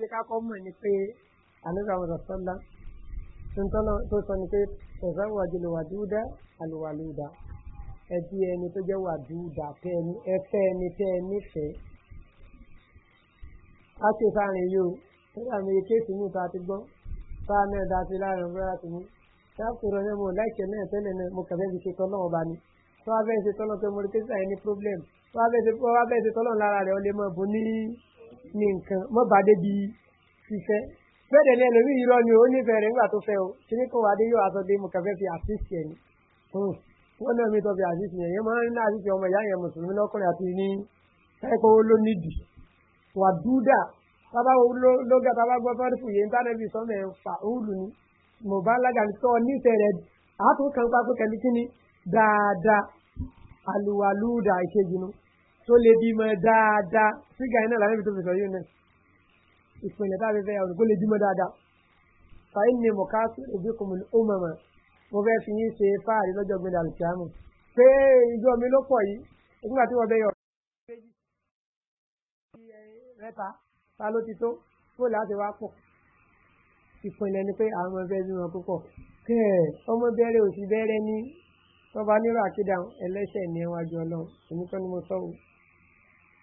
jẹ́ ká kọ́ mọ̀ ni pé àníbà ọ̀rọ̀ sọ́lá tó sọ ni pé ọ̀sán wàjú lè wàdúdà àlùwàlúdà ẹbí ẹni tó jẹ́ wàdúdà ẹfẹ́ ẹni tẹ́ ẹ nífẹ̀ẹ́. a ṣe sáàrin yìí o nígbà mi kéèsì mi ta ti gbọ́ sáà náà dá sí láàrin ọ̀rọ̀ àti mi sáàpùrọ̀ náà mo láìkẹ́ náà tẹ́lẹ̀ náà mo kàfẹ́ fi ṣe tọ́lọ́ ọba ni tó wá bẹ́ẹ̀ ṣe tọ́lọ́ tó mo rí kéèsì àyẹ̀ ní problem tó wá bẹ́ẹ̀ ṣe tọ́lọ́ lára rẹ̀ ọ ní nǹkan mọ́ bá dé bí fífẹ́ bẹ́ẹ̀ dẹ̀ ní ẹlòmí irọ́ ni ó nífẹ̀ẹ́ rẹ̀ nígbà tó fẹ́ o kíní kan wà dé yóò aṣọ dé mo kàfẹ́ fi àṣìṣì ẹ̀ ni hmm. wọ́n náà mi tọ́ fi àṣìṣì yẹn yẹn máa ń ní àṣìṣì ọmọ ìyá yẹn mùsùlùmí lọ́kùnrin àti ní ẹ̀kọ́ ló nídìí wà dúdà bàbá wo bàbá gbọ́ fẹ́rẹ́fù yẹn tá lẹ́bi sọ́mẹ̀ ń fa òòlù ni mo bá lága sọ nífẹ̀ẹ́ rẹ̀ àtúnkàn pápákẹ́ni kíní dáadáa tó lè bímọ dáadáa sígà iná làwọn ibi tó sọ̀rọ̀ yìí náà ìpìlẹ̀ tá a fi fẹ́ ọ̀nà kó lè bímọ dáadáa fàyín ni mọ̀ká òbí kò mọ̀ ní ó mọ̀mọ̀ mo fẹ́ fi yín ṣe fáàrí lọ́jọ́ gbẹ̀dẹ̀ àlùkìámù pé ìjọ mi ló pọ̀ yìí nígbà tí wọ́n bẹ yọ méjì mẹ́ta ta ló ti tó kó láti wá pọ̀ ìpìlẹ̀ ni pé àwọn ọmọ bẹ́ẹ̀ bímọ púpọ̀ kẹ́ẹ̀ ọmọ bẹ́ẹ̀rẹ̀ òsì bẹ́ẹ̀rẹ̀ ní tọ́ba nírò àkídà ẹlẹ́sẹ̀ ní iwájú ọlọ́run èmi kọ́ ni mo sọ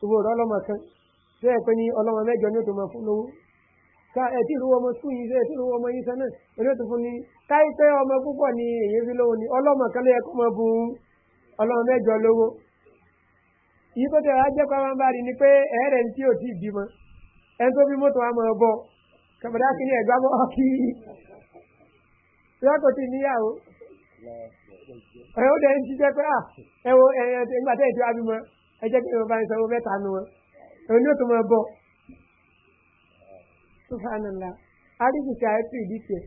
gbogbo ọ̀rọ̀ ọlọ́mọ kan ṣé ẹ pé ní ọlọ́mọ mẹ́jọ ní òtò máa fún lówó ká ẹ tí ìlúwọ ọmọ sùn yìí ṣe tí ìlúwọ ọmọ yìí sẹ náà èlé tó fún ni káyí pé ọmọ púpọ̀ ni èyí fi lówó ni ọlọ́mọ kan ló yẹ kó máa bu ọlọ́mọ mẹ́jọ lówó yìí tó tẹ̀ ajẹ́ kó máa ń bá rí ni pé ẹ̀ẹ́rẹ̀ ní tí ò tí ì bímọ ẹni tó bí mọ́tò wa máa bọ̀ ni ẹ̀gbá mọ́ kí lọ́kọ̀ tí níyàwó ẹ̀ ó dẹ̀ ń ṣiṣẹ́ ẹ jẹ́ kí yorùbá ń sanwó mẹ́ta nu wọn òun yóò tó máa bọ̀ sùfànàlà àríkìsí àìtú ìdí tiẹ̀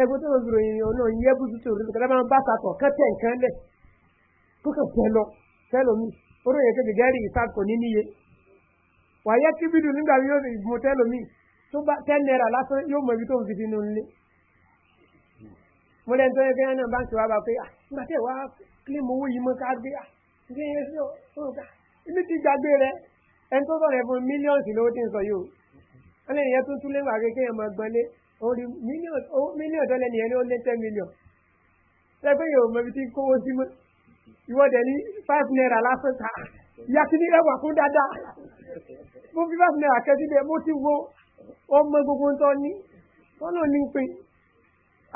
ẹgbẹ́ tó ń gbòòrò yìnyín ọ̀nà ìyẹn bùtù tó rìn kọ́tà máa ń bá sàtọ̀ kẹ́tẹ̀ nǹkan lẹ̀ kó kàn tẹ̀ lọ tẹ́lọ̀mí oróyè tó gẹ̀gẹ́rì ìsàkó ní níye wàyẹ tí bídùn nígbà yóò mú tẹ́lọ̀mí tó bá tẹ́ náírà lásán yóò mọ ibi tó ń fi sínú nílé mo lẹ́nu tó yẹ kí wọ́n náà bá ń ṣe wá bá pé ah nígbà tí ẹ̀ wá kílímù owó yìí mọ́ ká gbé ah bí iye sí òǹkà ibi tí gbàgbé rẹ ẹni tó sọ̀rọ̀ fún mílíọ̀nsì lówó tí ń sọ yìí o ẹni ìyẹn tó tún lé wàá kékeré máa gbọ́n lé orí mílíọ̀n tó lẹ́nu yẹn ni ó lé ten million lẹ́gbẹ́ yóò mọ ibi tí ń kówó sí mọ́ ìwọ́dẹ ní five naira lásán ta ìyá ti ní ẹwà kún dáadáa mo fi five naira kẹ́ síbẹ̀ mo ti wo ọmọ gbogbo ń tọ́ ní wọ́n náà ní pé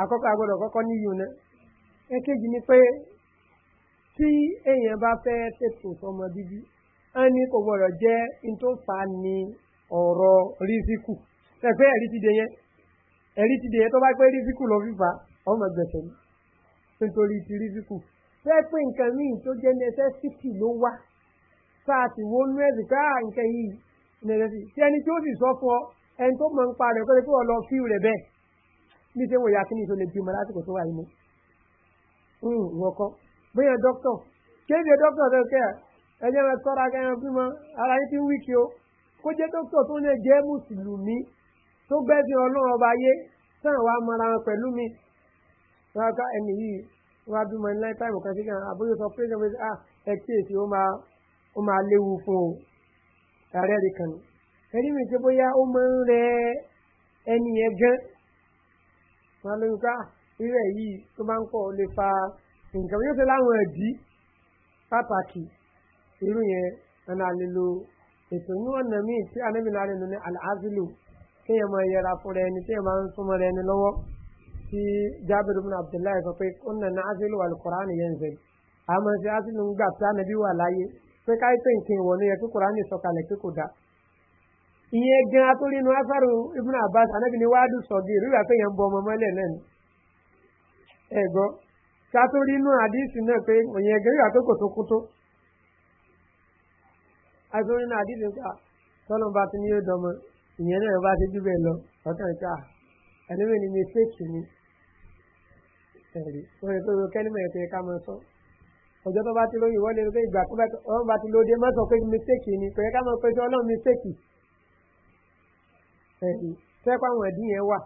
àkọ́kọ́ agbọ́dọ̀ kọ́kọ́ níyùn náà ẹ̀kejì ni pé tí èèyàn bá fẹ́ tètò sọmọ bíbí wọn ní kò gbọdọ̀ jẹ́ n tó fà á ní ọ̀rọ̀ rísíkù pẹ̀pẹ́ ẹ̀rí ti dè yẹn ẹ̀rí ti dè yẹn tó bá pé rísíkù lọ fífa ọmọ gbẹ̀sẹ̀ ni nítorí ti rísíkù fẹ́ pé nǹkan míì tó jẹ́ necessity ló wá sáà tí wọ́n nú ẹ̀sìn ká ah, nǹkan yìí necessity tí ẹni tí ó sì sọ fún ọ ẹni tó mọ̀ ń pa rẹ̀ kọ́lé kó o lọ fí rẹ̀ bẹ́ẹ̀ ní ṣé wọ́n yà kí ni ìṣòlè bímọ lásìkò tó wà yìí mú. Hmm, wọ́n bóyá dókítọ̀ kéde dókítọ̀ tó kẹ́ ẹ jẹ́ ẹ sọ́ra kẹ́ ẹ bímọ ara yín ti ń wíkì o kó jẹ́ dókítọ̀ tó lè jẹ́ mùsùlùmí tó gbẹ́sìn ọlọ́run ọba yé sàn wá mara wọn pẹ̀lú mi rákà ẹni yìí wọ́n á bímọ ní táìmù kan sí kan àbójú sọ pé ṣe ah ẹ kíyèsí ó máa ó máa léwu fún o ààrẹ rẹ kàn ẹni mi ṣe bóyá ó máa ń rẹ ẹni yẹn gan wọn lóyún ká ah, irú ẹ yìí tó bá ń pọ̀ lè fa nǹkan yóò ṣe láwọn ẹ̀dí pàtàkì irú yẹn ẹ̀nà àlelo ètò ní ọ̀nà míì tí anábìlá rẹ̀ nù ní àlàáfíìlù kéèyàn máa yẹra fún rẹ ni kéèyàn máa ń súnmọ́ rẹ ni lọ́wọ́ tí jábìrì bin abdullahi sọ pé ó nà ní àṣìlù alukoran yẹn ṣe àmọ́ ṣe àṣìlù ń gbà tí anábì wà láyé pé káyí pé nǹkan ìwọ̀n ni yẹ kí koran sọ kalẹ̀ kí kò dá. ìyẹn gan atúrí inú afárò ibùnà abbas anábì wàá dùn sọ̀gì sátórí inú àdísì náà pé òyìn ẹgbẹ́ àkókò tó kú tó àtúnrí inú àdísì pé tọ́lọ́ bá ti ní yóò dọmọ ìyẹn náà bá ti júbẹ̀ lọ ọ̀tọ̀ ìta ẹlẹ́mẹ̀ ni mistake ni ẹ̀rí wọ́n yẹ pé wọ́n kẹ́lẹ́mẹ̀ ẹ̀kọ́ yẹ ká máa sọ ọjọ́ tó bá ti lóyún wọ́n lè rí pé ìgbà tó bá ti lóde má sọ pé mistake ni kò yẹ ká máa pèsè ọlọ́run mistake ẹ̀rí fẹ́ pàwọn ẹ̀dín yẹn wà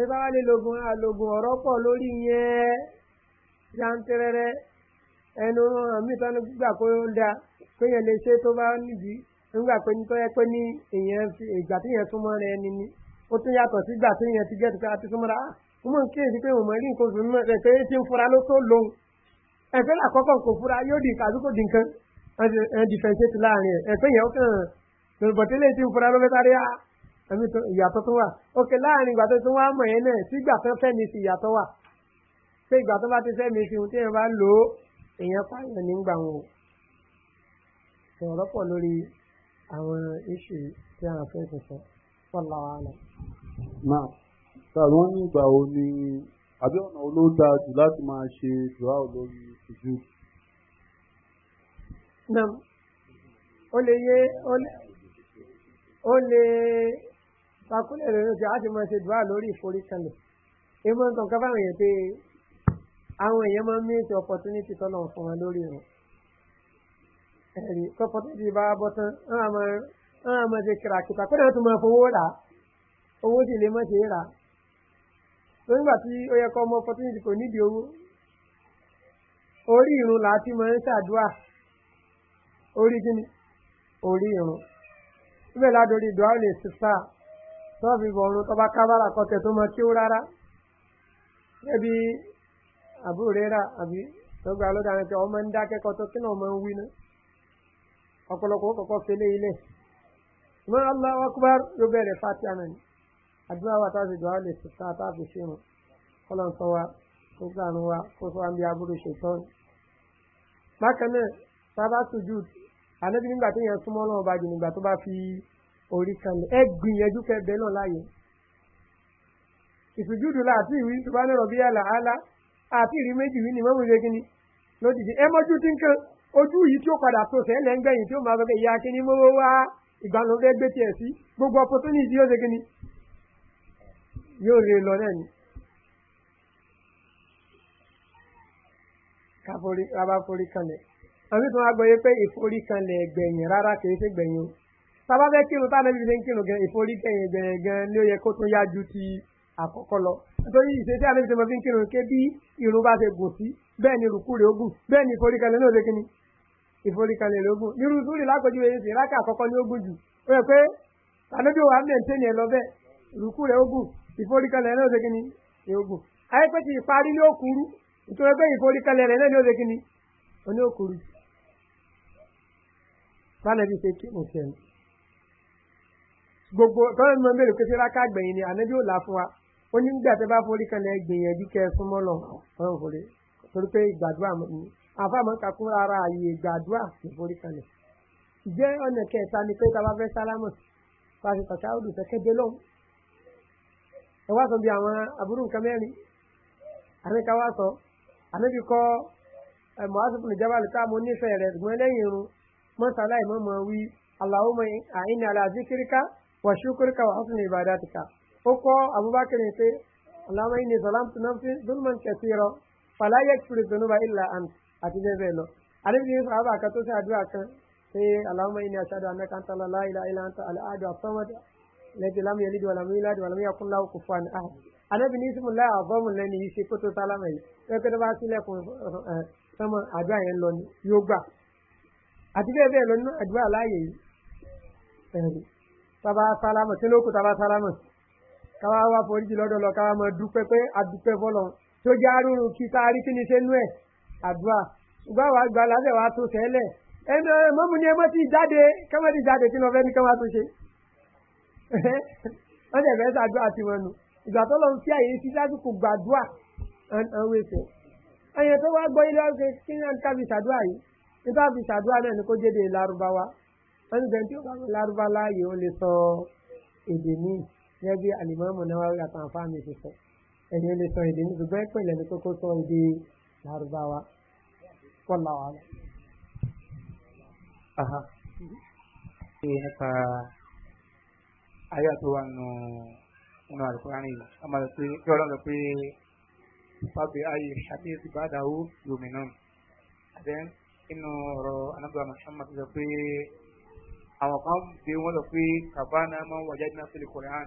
ẹ bá wà lè logun àlògùn ọ̀rọ̀ pọ̀ lórí yẹn yantẹrẹrẹ ẹnu àmì tán gbà pé ó da péyàn lè ṣe tó bá nídìí nígbà pé nítorí ẹ pé ní èèyàn ìgbà tí èèyàn súnmọ́ rẹ ni ni ó tún yàtọ̀ sí ìgbà tí èèyàn ti gẹ́tù pé a ti súnmọ́ ra ah, ó mọ̀ kí èsì pé òun mọ̀ rí nǹkan oṣù mímọ́ rẹ̀ pé é ti ń fura ló tó lòun ẹ̀fẹ́ làkọ́kọ́ kò fura yóò di nǹkan àdúgbò di nǹkan ẹ̀ dìfẹ̀ǹṣẹ̀tì láàrin ẹ̀ ẹ̀fẹ́ yẹn ó kàn bọ̀tẹ́lẹ̀ ti ń fura ló fẹ́ sáré á ah, ìyàtọ̀ tó wà òkè láàrin ìgbà tó tún wá mọ̀ yẹn náà sígbà tó fẹ́ mi sí ìyàtọ̀ wà pé ìgbà tó bá ti fẹ́ mi fi ohun tí èèyàn bá lò ó èèyàn pààyàn nígbà wọn o ọ̀rọ̀ pọ̀ lórí àwọn iṣu tí àwọn fẹ́ tuntun fọ́lá wa lọ. máa sàrò wọn ní ìgbà wo ni àbí ọ̀nà olóòtú jù láti máa ṣe dùhà lórí ìjú. nam ó lè yé ó lè takúlẹ̀ lónìí tí a ti máa ṣe dùhà lórí ìforíkalẹ̀ èèmọ̀ nǹkan ká báwọn yẹn pé àwọn èèyàn máa ń mí ìsìn opportunity tọ́nà fún wọn lórí wọn ẹ̀rí opportunity bá bọ́ tán wọ́n á máa ṣe kìràkìtà kó náà tún máa fowó rà owó sì lè má ṣe é rà nígbà tí ó yẹ kọ́ ọmọ opportunity kò nídìí owó orí irun là á ti máa ń ṣàdúrà orí kí ni orí irun síbẹ̀ ládòrí ìdúrà ò lè sísá tọ́ọ̀fì bọ̀ọ̀rùn tọ́ba kábàrà kọ́tẹ̀ tó máa kí ó rárá Abu rẹ́rà àbí lọ́gbà lọ́dà rẹ̀ pé ọmọ ń dá akẹ́kọ̀ọ́ tó kí náà ọmọ ń wí ná ọ̀pọ̀lọpọ̀ kọ̀ọ̀kan fele ilẹ̀ mọ́ allah akbar ló bẹ̀rẹ̀ fati àná ni àdúrà wa táà sì dùn á lè ta táà fi ṣe wọn kọ́lọ̀ ń sọ wa kó gbàánu wa kó sọ wa ń bí aburú ṣètọ́n. bákan náà sábà sùjú ànábi nígbà tó yẹn súnmọ́ náà bá jù nígbà tó bá fi orí kanlẹ̀ ẹ gbìyànjú kẹ bẹ́ẹ̀ náà láàyè ìsùjúdù láti ìwí tó bá ní rọ̀bíyà làálàá àti ìrí méjì yìí ni mọ́mú ṣe kíni ló dìde ẹ mọ́jú tí nǹkan ojú yìí tí ó padà tó sẹ́lẹ̀ ń tí ó máa sọ pé kíní mọ́wọ́ wá ìgbàlódé gbé tiẹ̀ sí gbogbo opportunity yóò ṣe kíni yóò rè lọ náà ni. káforí rábà forí kanlẹ̀ àmì tí wọ́n á gbọ́ yé pé ìforí kanlẹ̀ gbẹ̀yìn rárá kìí ṣe gbẹ̀yìn o tábà fẹ́ kírun táwọn ẹbí fi ń kírun gan ìforí gbẹ̀yìn gan ni ó yẹ kó tún yájú ti àkọ́kọ́ lọ nítorí ìṣesí àlejò tó mọ fi ń kírun ké bí irun bá ṣe gùn sí bẹ́ẹ̀ ni rùkú rẹ̀ ogun bẹ́ẹ̀ ni ìforíkalẹ̀ náà ṣe kíni ìforíkalẹ̀ rẹ̀ ogun nírú súrì lákòjúwe yìí sì rákà àkọ́kọ́ ní ogun jù ó yẹ pé ànábì wa ń mẹ̀ntẹ́ ni ẹ lọ bẹ́ẹ̀ rùkú rẹ̀ ogun ìforíkalẹ̀ náà ṣe kíni ogun ayé pé ti ìparí ní òkúrú nítorí pé ìforíkalẹ̀ rẹ̀ náà ni ó ṣe kíni oní òkúrú gbogbo tọ́lá ni mo ń bèrè pé ṣe rákà gbẹ̀yìn ni ànábì ò là fún wa ó ní nígbà tẹ bá forí kan lẹ gbìyànjú kẹ súnmọ́ lọ ọ̀hún forí torí pé ìgbàdúrà ni àfàmọ́ kakún ara àyè ìgbàdúrà sí forí kan lẹ̀ ìjẹ́ ọ̀nà kẹta ni pé tábà fẹ́ sálámọ̀ pàṣẹ pàṣẹ àwọn olùsẹ̀kẹ́dẹ́ lọ́wọ́ ẹ wá sọ bí àwọn àbúrò nǹkan mẹ́rin àníkà wá sọ àníbi kọ́ mọ̀ásùfù nìjọba lè táàmù onífẹ̀ẹ́ rẹ̀ gbọ́n lẹ́yìn irun mọ́sálà ìmọ̀mọ́ wí aláwọ̀ àìní àlàzíkíríkà wàṣúkíríkà wàhásùn ìbàdàtìkà ó kọ́ abubakar pé ọ̀làmọ́ ìní sọ̀lám tó náà fi dúnmọ̀n kẹsì rọ fàlàyé kiri tónúbà ìlà àn àti bẹ́ẹ̀ bẹ́ẹ̀ lọ. àdébí yìí sọ̀rọ̀ àbàkà tó ṣe àdúrà kan pé ọ̀làmọ́ ìní aṣáájú amẹ́ka ń tọ́lá láìlá ìlà ń tọ́ àdó àfọ́mọ́dá lẹ́tí lámú yẹn lídìí wàlámú yílá wàlámú yà kún láwù kò fún àná. àdébí ní sùnmù láà bọ́ọ̀mù lẹ́ni yìí ṣe kó tó sálámà yìí káwá wá foríjì lọ́dọ̀ lọ káwá máa dúpẹ́ pé adúpẹ́ fọlọ́ tó jẹ́ arúrun kí tá a rí kí ni ṣe nú ẹ̀ àdúrà ṣùgbọ́n àwọn àgbà lálẹ́ wa tó sẹ́lẹ̀ ẹnu ẹ mọ́mú ni ẹ mọ́ ti jáde kẹ́mọ́ ti jáde kí lọ fẹ́ ní kẹ́mọ́ tó ṣe wọ́n dẹ̀ fẹ́ sàdúrà sí wọn nù ìgbà tó lọ fi àyè sí lásìkò gbàdúrà àwọn èso ẹ̀yẹ tó wá gbọ́ ilé ọ̀gbìn kí ní àǹtá fi sàdúrà yìí nípa fi sàdúrà náà ni kó jẹ́ de lárúbáwá wọ́n ní bẹ́ẹ̀ tí ó bá lárúbá láàyè ó lè sọ èdè míì gẹ́gẹ́ bí alimami Nawawi àtàwọn fáàmì ti sọ ẹ̀yin lè sọ èdè ní ṣùgbọ́n ìpìlẹ̀ ní kókó sọ èdè lárúbáwá kọ́lá wa. aha ṣe nípa ayé àti wà nù nínú àlùkòrán yìí a máa lọ pé kí ọlọ́run lọ pé fábí ayé àbíyèsí bá dàwó lómi náà àbẹ́ nínú ọ̀rọ̀ anábìá Muhammad lọ pé àwọn kan gbé wọn lọ pé kàbá náà máa ń wájà ní àfẹ́lẹ́ kọ̀ọ̀rán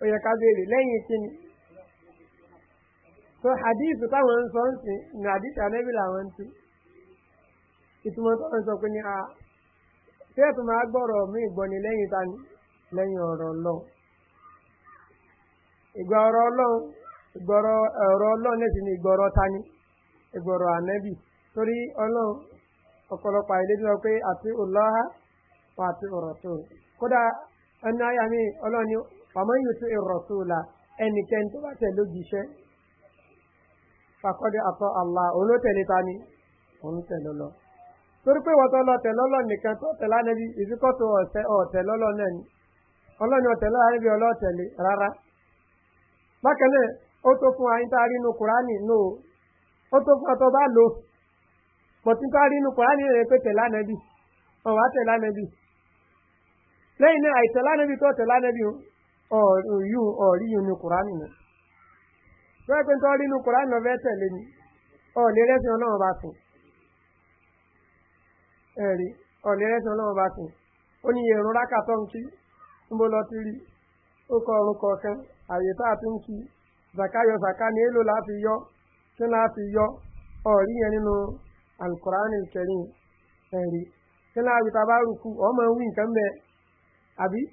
ó yẹ ká béèrè lẹ́yìn kíni so hadith táwọn ń sọ ń sìn ní hadith anabi làwọn ń ìtumọ̀ tó ń sọ pé ní a ṣé ẹ̀tún máa gbọ́rọ̀ mí ìgbọ́ni lẹ́yìn tani lẹ́yìn ọ̀rọ̀ lọ ìgbà ọ̀rọ̀ ọlọ́run ìgbọ̀rọ̀ ọ̀rọ̀ ọlọ́run lẹ́sìn ní ìgbọ̀rọ̀ tani ìgbọ̀rọ̀ ànẹ́bì torí ọlọ́run ọ̀pọ̀lọpọ̀ àìlè tí pé àti òlọ́ha wà àti ọ̀rọ̀ tó kódà ẹnu àyà mi ọmọ yìí tún la ẹnikẹ́ni tó bá tẹ̀lé òjíṣẹ́ pàkọ́dé àtọ́ àlá òun ta ni òun tẹ̀lé lọ. torí pé wọ́n tọ́ lọ tẹ̀lé ọlọ́ nìkan tó tẹ̀lé ànẹ́bí ìfikọ́tò ọ̀tẹ̀lé ọlọ́ náà ni ọlọ́ni ọ̀tẹ̀lé ànẹ́bí ọlọ́tẹ̀lé rárá. bákan ó tó fún a kùránì nù ó tó fún ọtọ́ bá lò pọ̀tí tá a ọ̀rí ọ̀rí inú kùránì ni lọ́wọ́ pé nítorí inú kùránì ọ̀fẹ́ tẹ̀lé ni ọ̀lẹ́ rẹ́sìn ọlọ́run bá sùn ẹ̀rí ọ̀lẹ́ rẹ́sìn ọlọ́run bá sùn ó ní èrò rákà tó ń kí ń bó lọ ti rí ó kọ ọrùn kọ̀ọ̀kan àyè tá a ti ń kí zakayọ zaka ni láti yọ kí láti yọ ọ̀rí yẹn nínú kẹrin ẹ̀rí kí láti bá rúkú ọmọ wí nǹkan bẹ́ẹ̀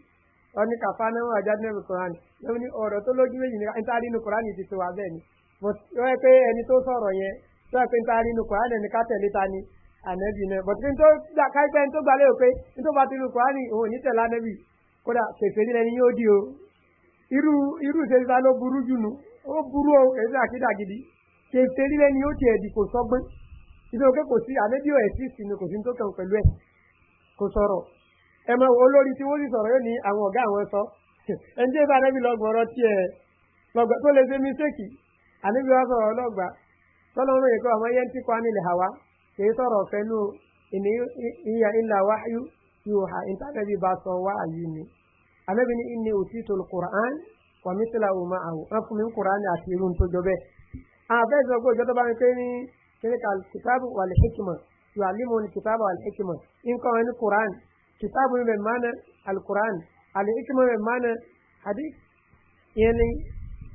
wọn ní kàfá náà wọn àjáde nínú koran wọn ní ọ̀rọ̀ tó lójú méjì nípa níta rí inú koran ti ti wà bẹ́ẹ̀ ni wọ́n pé ẹni tó sọ̀rọ̀ yẹn tó yẹ pé níta rí inú koran ẹni ká tẹ̀lé ta ni ànẹ́bì náà bọ̀tí pé káyipẹ́ ní tó gbalẹ̀ o pé ní tó bá ti inú koran òun ò ní tẹ̀lé ànẹ́bì kódà kèfé nílẹ̀ ni yóò di o irú irú ìṣèlúta ló burú jù nù ó burú o èyí àkídà gidi kèfé nílẹ̀ ni yóò tiẹ̀ di kò ẹ̀ kò sí ẹ mọ olórí tí wọ́n sì sọ̀rọ̀ yóò ní àwọn ọ̀gá àwọn sọ ẹni tí ìbára bí lọ́gbọ̀ọ́rọ̀ tiẹ̀ lọ́gbà tó lè ṣe mísèkì àníbi wọ́n sọ̀rọ̀ lọ́gbà tọ́lọ́run yìí kọ́ ọmọ yẹn ti kọ́ nílẹ̀ hàwa kìí sọ̀rọ̀ fẹ́nu ìyá ńlá wáyú yóò ha ìtàgẹ́bí bá sọ wáyú ni àníbi ní ìní òtítọ́ kùrán wà mí sílá òmà àwò wọn fún mi kùrán àti irun tó jọ bẹ́ẹ̀. àbẹ́ ìsọ̀gbọ́ kitabu mi bɛ maana alquran alihikima bɛ maana hadith yɛni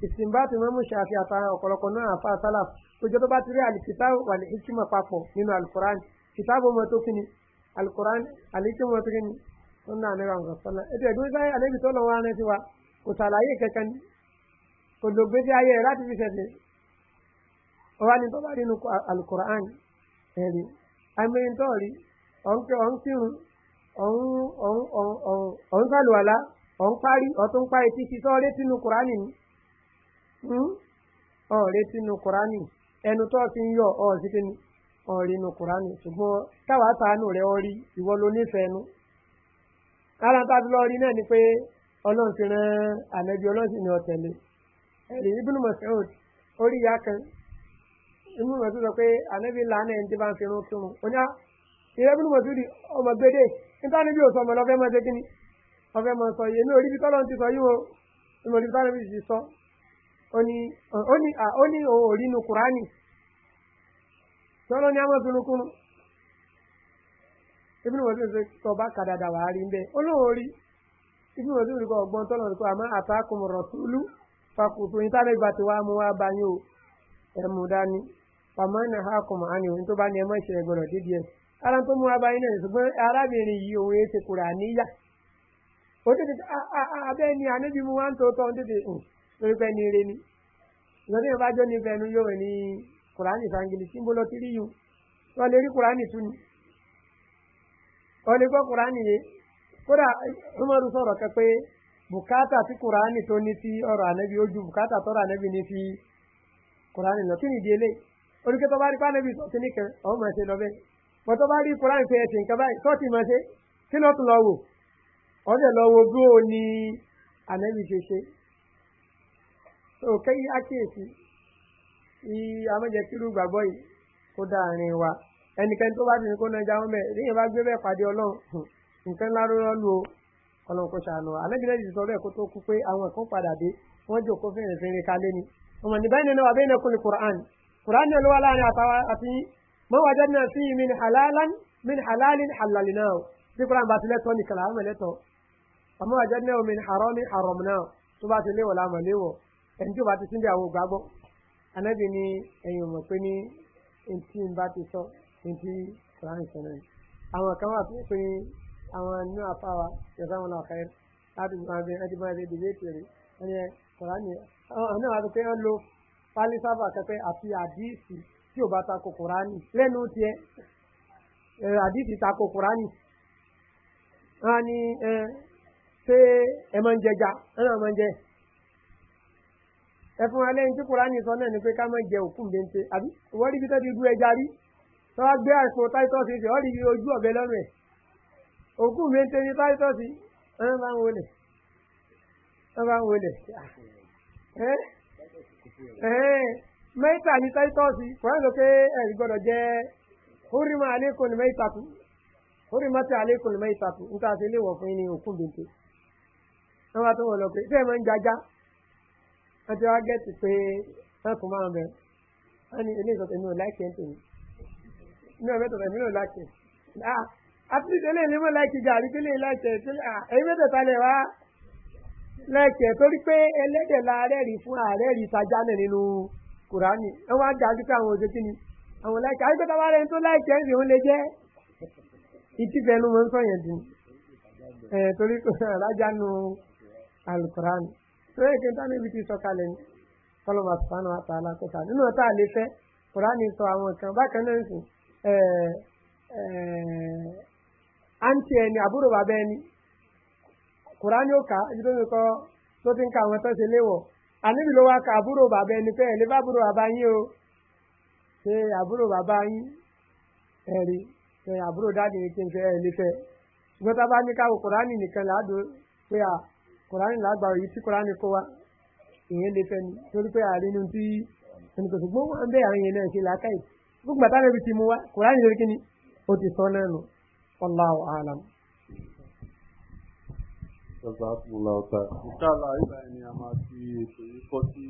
ìsìnbáàtì mọ́mú ṣàfi àtàwọn ọ̀pọ̀lọpọ̀ náà àfa sálà ojú tó bá ti rí alikitaabu alihikima papọ̀ nínú alukoran kitaabu mọ́ tó kíni alukoran alihikima mọ́ tó kíni tó náà nígbà wọn sọ́lá ètò ẹ̀dùn sáyé àlébi tó lọ́wọ́ ara ti wa kò sàlàyé kankan kò lògbé sí ayé rẹ̀ láti fi ṣẹ̀ṣẹ̀ ọwọ́ ni tó bá rí ọ̀hún kan lù àlá ọ̀hún parí ọ̀tún ti sọ́ọ́ létí kùránì ni hmm? ọ̀hún létí kùránì ẹnu tó ti ń yọ ọ̀hún sí kíni ọ̀hún kùránì ṣùgbọ́n sàánù rẹ̀ ọ rí ìwọ ló nífẹ̀ẹ́ nu. rí náà ni pé ọlọ́run ti rán ọlọ́run sì ẹ̀rí ibùdó orí ìyá kan ibùdó sọ pé làánà ẹni tí bá ń fi kírun ó ní ah, níta níbi òsọ ọmọ lọ́fẹ́ máa ṣe kíni ọfẹ́ máa sọ yìí ní orí bí tọ́lọ́ ti sọ yìí o ìmọ̀ orí bí tọ́lọ́ ti sọ ó ní òrí nu kùránì tọ́lọ́ ní àmọ́ tunu kúrú ibi ni wọ́n ti ṣe tọba kàdàdà wàá rí bẹ́ẹ̀ olóòrí ibi ni wọ́n ti ṣe kọ́ ọgbọ́n tọ́lọ́ ni kọ́ àmọ́ àtàkùn rọ̀túlù fàkùtù yìí tálẹ́ ìgbà tí wàá mú wá bá yín o ẹ̀mú dání pàmò náà hákùn àní òun ní ara tó mú abáyé náà ṣùgbọ́n arábìnrin yìí òun èé ṣe kura níyà ó tètè abẹ́ ni àníbi mu wá ń tó tọ́ ń tètè hàn lórí pẹ́ ní ire ni ìgbọ́n tí yóò bá jọ́ ní ìfẹ́ nu yóò rìn ní kùránì sangili tí ń bọ́ tí rí wọ́n lè rí kùránì tún ni wọ́n lè gbọ́ kùránì yé kódà umaru sọ̀rọ̀ kẹ́ pé bùkátà tí kùránì tó ní sí ọ̀rọ̀ ànábi ojú bùkátà tọ́rọ̀ ànábi ní sí kùránì lọ kí ni ìdí eléyìí oníkẹ́tọ́ bá rí pé ànábi pọ̀tọ́ bá rí koran pé ẹ̀sìn nǹkan báyìí sọ́ọ̀tì máa ṣe kí ló tún lọ wò ọ̀dẹ̀ lọ wo bí ó ní ànẹ́bí ṣe ṣe òkè yí ákíyèsí amẹ́jẹ̀kírú gbàgbọ́ yìí kó dáa rìn wa ẹnikẹ́ni tó bá ti ní kó náà jáwọ́ mẹ́ẹ̀ léyìn bá gbé bẹ́ẹ̀ pàdé ọlọ́run nǹkan ńlá ló lọ́ọ́ lu o ọlọ́run kò ṣàánú alẹ́bìnrin ti sọ bẹ́ẹ̀ kó tó kú pé àwọn ẹ̀kọ́ padà dé wọ́n jòkó fèrèfèrè kalé ni ọmọ nígbà yìí náà wà bẹ́ẹ̀ náà kó lè kùrán kùrán náà ló wà láàrin àtàwọn àti mọ́ wàjá náà sí min halalan min halalin halalin náà bí kúrò àbá ti lẹ́tọ́ ní kàlà àmọ́ lẹ́tọ́ àmọ́ wàjá náà min haromi harom náà tó bá ti léwọ̀ láàmọ̀ léwọ̀ ẹni tó bá ti síndí àwọn ògbàgbọ́ anábì ni ẹ̀yìn mọ̀ pé ní ntí n bá ti sọ ntí kùránì sọ náà àwọn kan wà pé àwọn inú afáwa yọ̀sán wọn náà láti máa bẹ ẹni máa bẹ dìbò ètò rẹ ẹni kùránì ọ̀nà àti àti tí ò bá takò kùránì lẹ́nu tiẹ̀ àdìsí takò kùránì wọn ni ṣé ẹ máa ń jẹja ẹ náà máa ń jẹ ẹ fún wa lẹ́yìn tí kùránì sọ náà ni pé ká máa jẹ òkú bẹ́ńté àbí wọ́n rí ibi tó ti du ẹja rí tó wá gbé àìsàn táítọ́sì ṣe ọ́ rí ojú ọ̀bẹ lọ́rùn ẹ̀ òkú bẹ́ńté ní táítọ́sì ẹ bá ń wọlé ẹ bá ń wọlé ẹ ẹ mẹ́ta ní táítọ́ọ̀sì kòrán ló pé ẹ̀rí gbọ́dọ̀ jẹ́ húrímọ̀ àlékún ní mẹ́ta tù húrímọ̀ tí àlékún ní mẹ́ta tù níta sí ilé ìwọ̀ fún yín ní òkun bèbè wọ́n bá tó wọ̀ lọ pé bẹ́ẹ̀ máa ń jajá wọ́n ti wá gẹ́tì pé wọ́n kò máa bẹ̀ wọ́n ní ilé ìsọ̀tẹ̀ mi ò láìkẹ́ ń tèmi mi ò mẹ́tọ̀tẹ̀ mi ò láìkẹ́ àti ìdílé ni mo láìkẹ́ gàrí kí lè láìkẹ́ ah, ẹ̀yin mẹ́tẹ̀ẹ̀ta lẹ̀ wá láìkẹ́ torí pé ẹlẹ́dẹ̀ la rẹ́rìí fún ààrẹ rí nínú kùránì ẹ wá dájú àwọn ni àwọn láìka a bá tó láìka ẹ̀sìn òun lè jẹ́ ìtìfẹ́ ló máa ń sọ̀yàn dùn ẹ̀ torí alájà nu alukùránì tó yẹ kí n tánà ibi kọlọ́mà sùpánù nínú ọ̀tá àlè fẹ́ ka àwọn tó àníbi ló wá ka àbúrò bàbá ẹni pé ẹ̀lẹ́ bàbúrò bàbá yín o ṣe àbúrò bàbá yín ẹ̀rí ṣe àbúrò dáàdì ní kí n fẹ́ ẹ̀lẹ́ fẹ́ ṣùgbọ́n tá a bá ní káwọ kùránì nìkan láàdó pé à kùránì lágbà òyìn tí kùránì kó wa ìyẹn lè fẹ́ ni torí pé àrínú tí ẹni kò ṣùgbọ́n wọn bẹ́ẹ̀ àwọn yẹn náà ṣe làákàyè gbogbo àtàlẹ́bí ti mú wa kùránì lórí kíni ó ti sọ náà nù ọlá àlàmù. Ṣọ́gbà Abdullahi Ọ̀tà. Ìṣàlá ìgbà ẹni máa fi ètò yìí kọ́ sí.